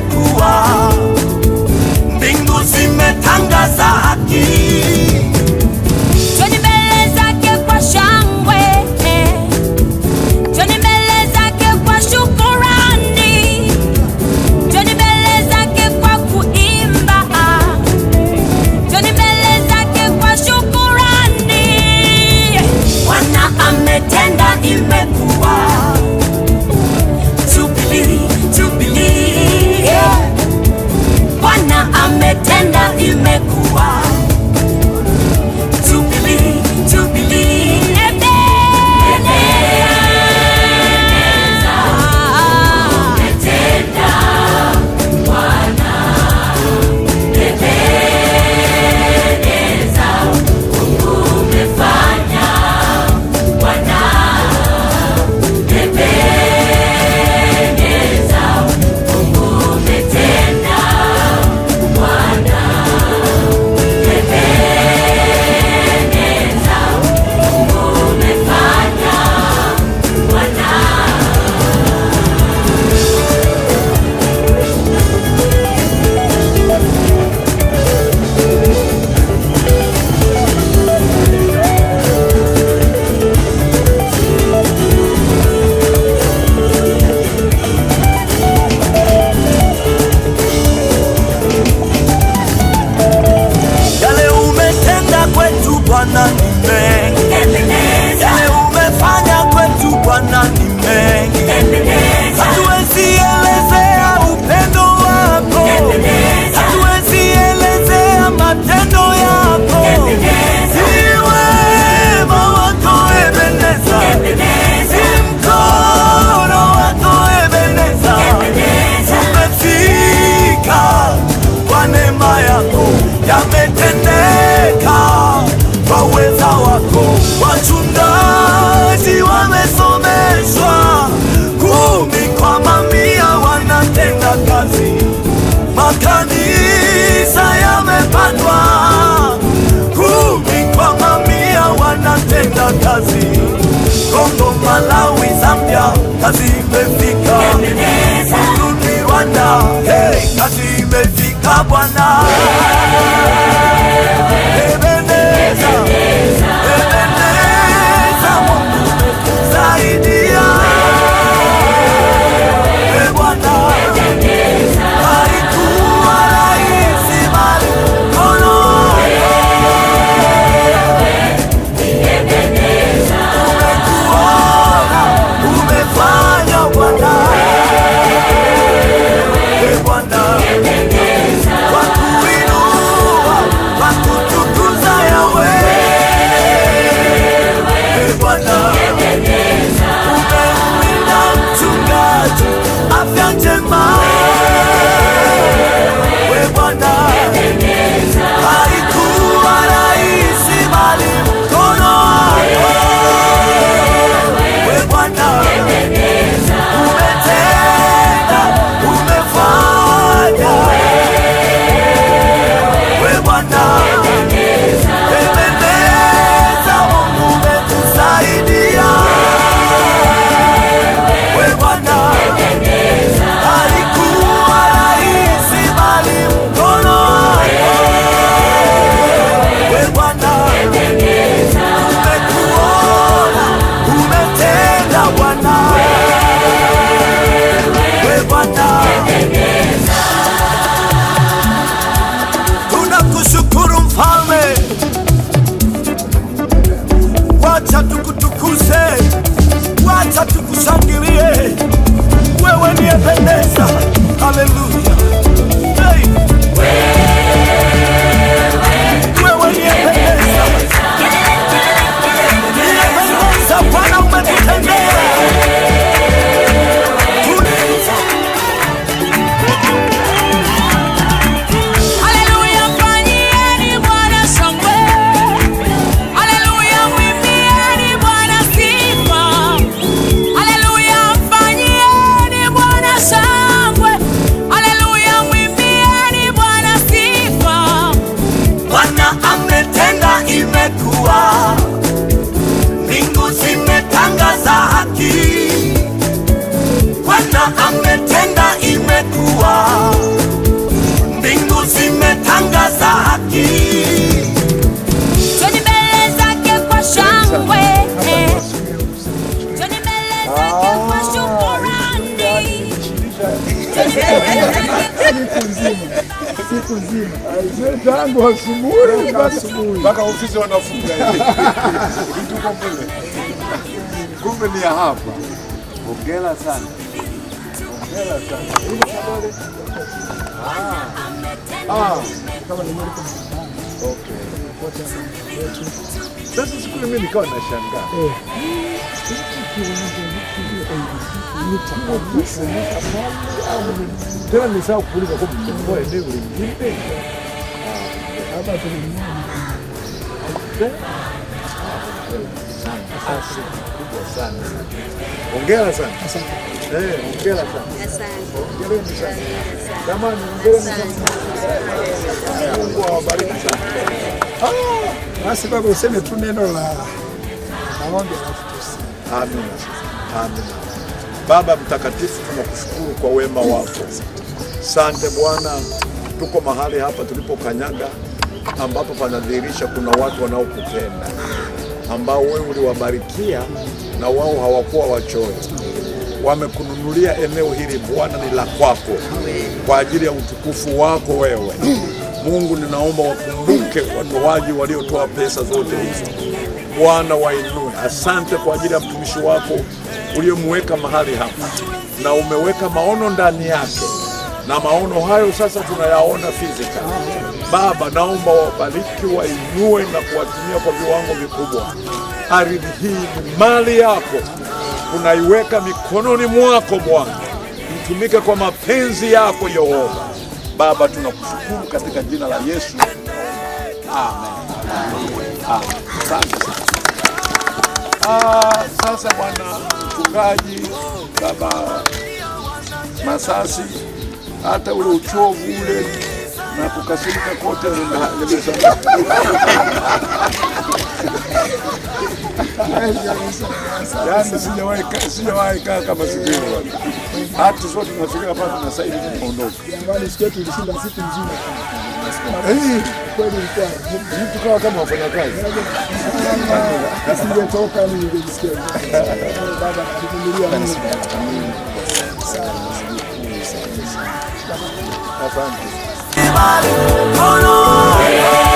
umekuwa, mbingu zimetangaza hazimefika kurudi Rwanda siku nzima tangu asubuhi asubuhi mpaka ofisi wanafunga, tuko mbele, kumbe ni hapa. Hongera sana, hongera sana. Ah. Ah. Sasa siku mimi nikawa nashangaa eh. 아는 미사하고 부리고 뭐 애들 우리 일대 아마 저기 있는 옹게라산 네 옹게라산 옹게라산 나만 옹게라산 옹고 바리산 아 마스바고 세메 투네놀라 나만 게라산 아멘 아 Baba Mtakatifu, tunakushukuru kwa wema wako. Sante Bwana, tuko mahali hapa tulipokanyaga, ambapo panadhihirisha kuna watu wanaokupenda, ambao wewe uliwabarikia na wao hawakuwa wachoyo. Wamekununulia eneo hili Bwana, ni la kwako kwa ajili ya utukufu wako wewe. Mungu, ninaomba wakumbuke watoaji waliotoa pesa zote hizo. Bwana, wainue. Asante kwa ajili ya mtumishi wako uliyomweka mahali hapa, na umeweka maono ndani yake, na maono hayo sasa tunayaona fizika. Baba, naomba wabariki, wainue na kuwatumia kwa viwango vikubwa. Ardhi hii ni mali yako, tunaiweka mikononi mwako Bwana, itumike kwa mapenzi yako Yehova. Baba, tunakushukuru katika jina la Yesu, amen. Ah, sasa bwana ukaji, baba Masasi, hata ule uchovu ule na kukasirika kote yaani sijawahi kaa kama siku hiyo, hata sote tunafika hapa na sasa hivi tunaondoka. Jamani, siku yetu ilishinda siku nzima. Eh kweli mtu kawa kama wafanya kazi, nisingetoka ningejisikia baba, kuvumilia Mungu.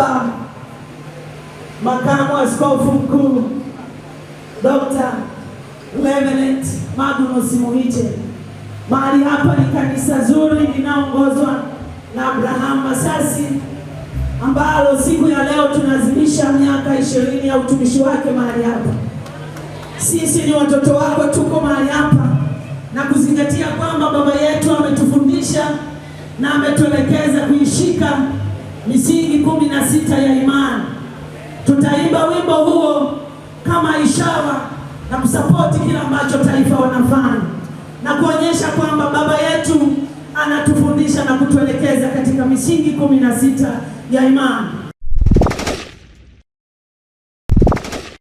Baba, makamu askofu mkuu Dr. Reverend Magnus Muhije. Mahali hapa ni kanisa zuri linaongozwa na Abraham Masasi ambalo siku ya leo tunaadhimisha miaka ishirini ya utumishi wake mahali hapa. Sisi ni watoto wako, tuko mahali hapa na kuzingatia kwamba baba yetu ametufundisha na ametuelekeza kuishika misingi kumi na sita ya imani. Tutaimba wimbo huo kama ishara na kusapoti kila ambacho taifa wanafanya na kuonyesha kwamba baba yetu anatufundisha na kutuelekeza katika misingi kumi na sita ya imani.